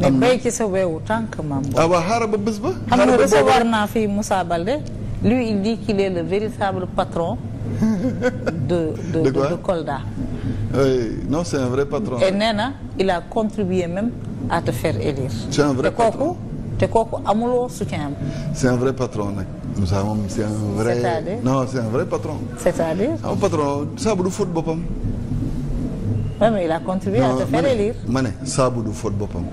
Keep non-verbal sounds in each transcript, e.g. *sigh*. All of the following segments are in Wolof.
mais béy ci sa weewu tànk maam boobu. ah waaw xaaral ba bés ba. xam nga naa fii Moussa Baldé. lui il dit qu'il est le véritable patron. de de de, de, Kolda. Euh, non c'est un vrai patron. et nee na il a contribué même à te faire élire. te kooku amulo kooku amuloo soutien am. c'est un vrai patron nag. Moussa moom c'est un vrai. patron. c'est-à-dire. un patron saabu du fóot il a contribué à te faire élire. ma ne saabu du fóot boppam.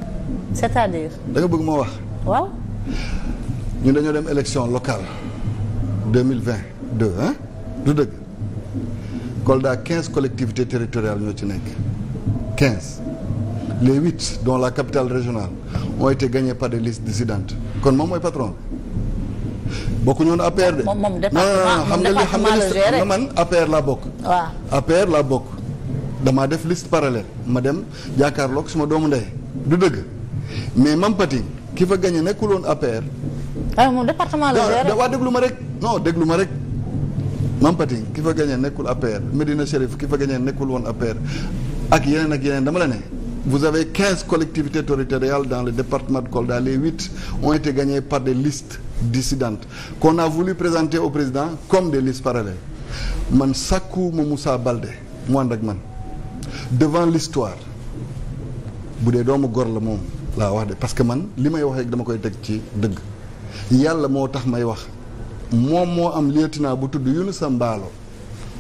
cest à bëgg moo wax. ñu dañoo dem élection locale deux mille vingt deux ah du dëgg Kolda quinze collectivité territoriale ñoo ci nekk quinze. les huit dont la capitale régionale ont été gagnées par des listes dissidentes kon moom mooy patron bokku ñoon APR de. moom moom département xam nga li xam man APR laa bokk. waaw APR laa bokk. damaa def liste parallèle ma dem jàkkaarloog suma doomu ndey du dëgg. mais Mame ki fa gagné nekkul woon APR. waaw ah, moom département la. waaw déglu ma rek non déglu ma rek. Mame Paty ki fa gagné nekkul APR Medina Chérif ki fa gagné nekkul woon APR ak yeneen ak yeneen dama la ne. vous avez quinze collectivités territoriales dans le département de Kolda les huit ont été gagnées par des listes dissidentes qu'on a voulu présenter au président comme des listes parallèles man sàkku ma Moussa Baldé mu ànd ak man devant l'histoire bu dee doomu gor la moom laa wax de parce que man li may wax rek dama koy teg ci dëgg yàlla moo tax may wax moom moo am lieutenant bu tudd Yunusa Mbaalo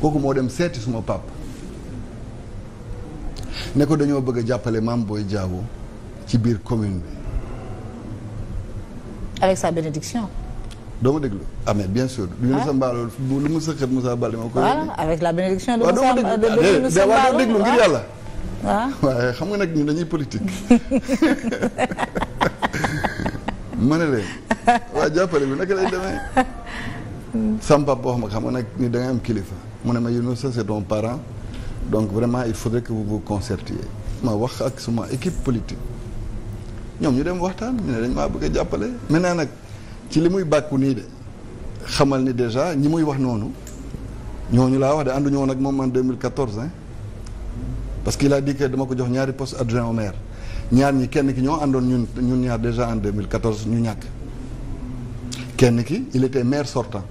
kooku moo dem seeti suma pap ne ko dañoo bëgg a jàppale Mame booy Diao ci biir commune bi. avec sa bénédiction. doo ma déglu ah mais bien sûr. du ah. Yunusa Mbaalo lu mu sëqat Moussa Baldé ma ko. voilà avec la ah, déglu ngir ah. yàlla. Ah. waaw waaye xam nga nag ñun dañuy politique *laughs* ma ne leen waa jàppale bi naka lay demee sama papa boo xam nga nag ni da am kilifa mu ne ma Younous ça c'est ton parent donc vraiment il faudrait que vous vous concertiez ma wax ak suma équipe politique ñoom ñu dem waxtaan ñu ne dañ maa bëgg jàppale maintenant nag ci li muy bàkku nii de xamal ni déjà ñi muy wax noonu ñooñu laa wax de ànduñu woon ak moom en 2014 hein parce que il a dit que dama ko jox ñaari poste adjoint au maire ñaar ñi kenn ki ñoo àndoon ñun ñun ñaar déjà en 2014 ñu ñàkk kenn ki il était maire sortant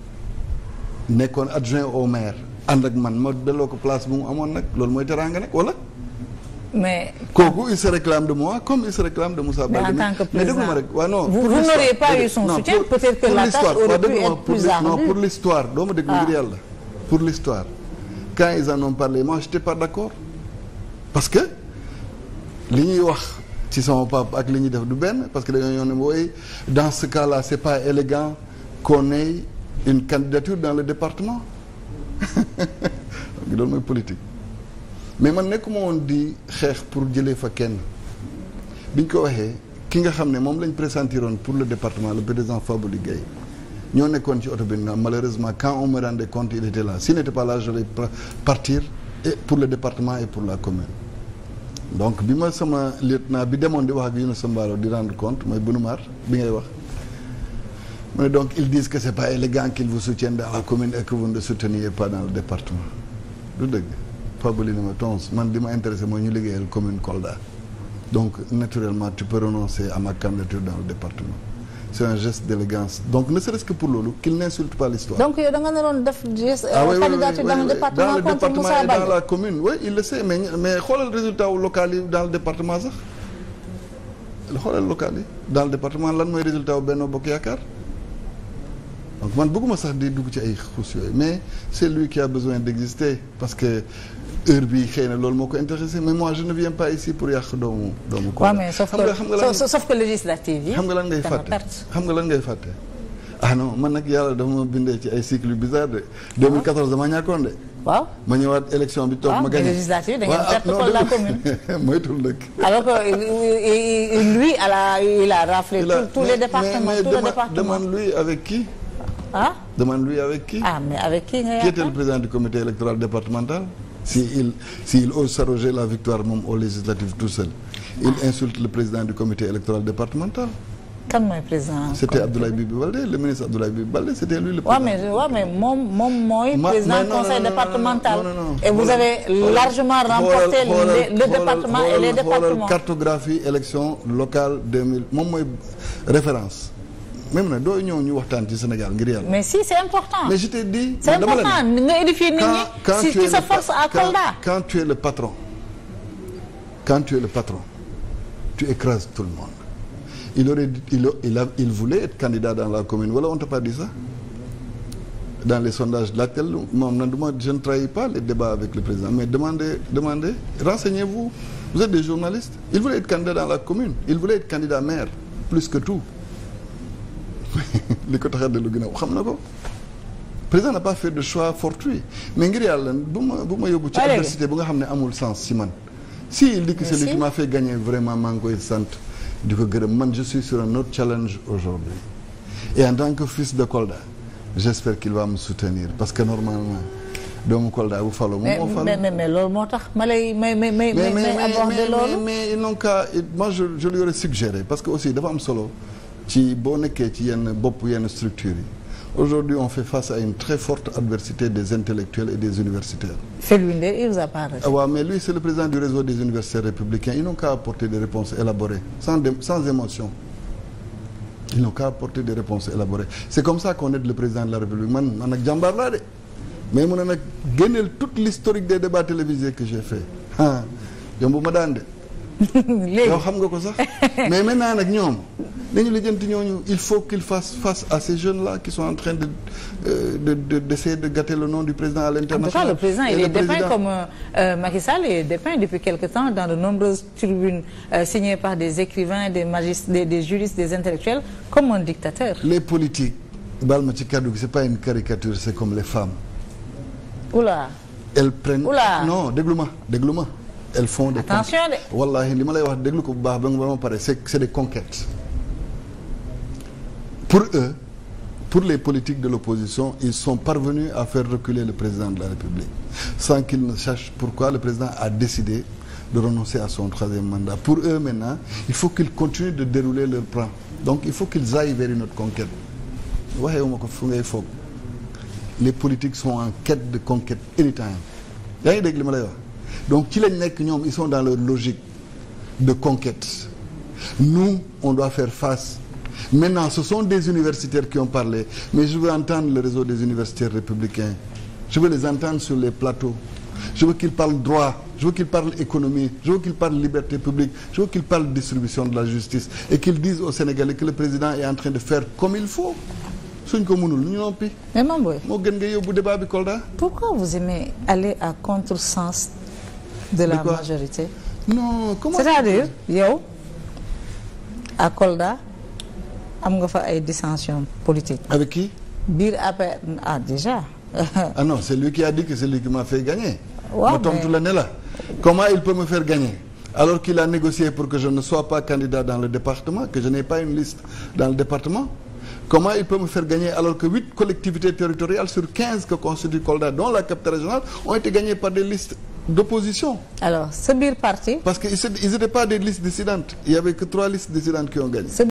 nekkoon adjoint au maire ànd ak man ma delloo ko place bu mu amoon nag loolu mooy teraanga nag wala. mais kooku il se réclame de moi comme il se réclame de Moussa Baldé. mais en tant que président rek waaw non. pour l'histoire doo ma déglu ngir ah. yàlla. pour l'histoire quand ils en ont parlé moi j'étais d'accord. parce que li ñuy wax ci sama papa ak li ñuy def du benn parce que dañoo ne mooy dans ce cas là c'est pas élégant qu'on ait une candidature dans le département ngi *laughs* loolu mooy politique mais man nekkuma woon di xeex pour jëlee fa kenn bi ñu ko waxee ki nga xam ne moom lañ pressentiroon pour le département le président Faboli Gaye ñoo nekkoon ci oto bi na malheureusement quand on me de compte il était là s'il n'était pas là j'allais partir et pour le département et pour la commune donc bi ma sama lieutenant bi demoon di wax ak Younoussa Mbaró di rendre compte mooy Bunumar bi ngay wax mu ne donc ils disent que c'est pas élégant qu'ils vous soutiennent dans la commune et que vous ne souteniez pas dans le département du dëgg Faboli ne ma tons man di ma intéressé mooy ñu liggéeyal commune Kolda donc naturellement tu peux renoncer à ma candidature dans le département c'est un geste d'élégance donc ne serait-ce pour loolu qu'il n'insulte pas l'histoire donc yow da nga naroon def geste ah candidature dans le département contre dans la commune oui il le sait mais xoolal résultat wu local yi dans le département sax xoolal local yi dans le département lan mooy résultat benn Benno Bokk Yaakaar donc man bëgguma sax di dugg ci ay xuus yooyu mais c'est lui qui a besoin d'exister parce que heure bi xëy na loolu moo ko intéressé mais moi je ne viens pas ici pour yàq doomu doomu ko xam nga lan ngay fàtte xam nga lan ngay fàtte ah non man nag yàlla dafa ma bindee ci ay cycle yu bizarre de 2014 dama ñàkkoon de waaw ma ñëwaat élection bi toog ah, ma gagné législative da ah, la *laughs* nag alors que euh, euh, euh, lui à la il a raflé tous les départements tous les départements demande lui avec qui ah demande-lui avec qui. ah mais avec qui nga yaakaar qui était le président du comité électoral départemental. si il si ose s'arroger la victoire moom aux législatives tout seul. il ah. insulte le président du comité électoral départemental. kan mooy président. c'était Abdoulaye Bibi Baldé le ministre Abdoulaye Bibi Baldé c'était lui le président. waaw mais moom moom mooy. président conseil départemental. et vous avez largement remporté le département et les départements. xoolal cartographie élection locale 2000 moom mooy référence. même na doo ñëw ñu waxtaan ci Sénégal ngir yàlla. mais si c'est important. mais je t'ai dit. c'est important nga édifier nit quand tu es le patron quand tu es le patron tu écrases tout le monde il aurait il il voulait être candidat dans la commune wala on t'a pas dit ça. dans les sondages la laquelle moom na demande ma je ne trahis pas les débats avec le président mais demandez demandez renseignez-vous vous êtes des journalistes il voulait être candidat dans la commune il voulait être candidat maire que tout li ko tax a dellu xam na ko président n'a pas fait de choix fortuit mais ngir yàlla bu ma bu ma yóbbu ci adversité bu nga xam ne amul sens si man si il dit que c'est m'a fait gagner vraiment maa ngi koy sant di ko gërëm man je suis sur un autre challenge aujourd'hui et en tant que fils de Kolda j'espère qu'il va me soutenir parce que normalement doomu Kolda bu falo moom moo falo mais mais mais tax ma mais mais mais mais non cas moi je je lui aurais parce que aussi dafa am solo ci boo nekkee ci yenn bopp yenn structures yi aujourd'hui on fait face à une très forte adversité des intellectuels et des universitaires. C'est lui, il ah, mais lui, c'est le président du réseau des universitaires républicains. Ils n'ont qu'à apporter des réponses élaborées, sans, sans émotion. Ils n'ont qu'à apporter des réponses élaborées. C'est comme ça qu'on le président de la République. Man, man ak jàmbaar laa de mais mun na nag génneel toute l'historique des débats télévisés que j'ai fait ah yomb ma daan *laughs* xam nga ko sax mais maintenant nag ñoom. nañu lijjanti ñooñu il faut qu'il fasse face à ces jeunes là qui sont en train de euh, de de d'essayer de gâter le nom du président à l'international. En tout cas, le président il est dépeint comme euh, euh, Macky Sall est dépeint depuis quelque temps dans de nombreuses tribunes euh, signées par des écrivains des magis des, des juristes des intellectuels comme un dictateur. Les politiques baal ma ci kàddu gi c'est pas une caricature c'est comme les femmes. oula. elles prennent oula non déglu ma déglu ma. elles font des. attention de. wallaahi li ma lay wax déglu ko bu baax ba nga ba ma pare pour eux pour les politiques de l'opposition ils sont parvenus à faire reculer le président de la République sans qu'ils ne sachent pourquoi le président a décidé de renoncer à son troisième mandat pour eux maintenant il faut qu'ils continuent de dérouler leur plan donc il faut qu'ils aillent vers une autre conquête waxeewuma ko fu ngay les politiques sont en de conquête anytime yaa ngi li ma lay wax donc ci lañ nekk ñoom ils sont dans leur logique de conquête nous on doit faire face Maintenant, ce sont des universitaires qui ont parlé, mais je veux entendre le réseau des universitaires républicains. Je veux les entendre sur les plateaux. Je veux qu'ils parlent droit, je veux qu'ils parlent économie, je veux qu'ils parlent liberté publique, je veux qu'ils parlent distribution de la justice et qu'ils disent au Sénégalais que le président est en train de faire comme il faut. suñ ko mënul ñu noppi. mais moo gën nga yóbbu débat bi Kolda. pourquoi vous aimez aller à contresens de la majorité. non comment c'est-à-dire yow à Kolda. am nga fa ay dissensions politiques. avec qui. biir APR ah déjà. ah non c'est lui qui a dit que c'est lui qui m'a fait gagner. waaw ma tontu la ne la comment il peut me faire gagner. alors qu'il a négocié pour que je ne sois pas candidat dans le département que je n'ai pas une liste dans le département comment il peut me faire gagner alors que huit collectivités territoriales sur quinze que constitue Kolda dont la capitale régionale ont été gagnées par des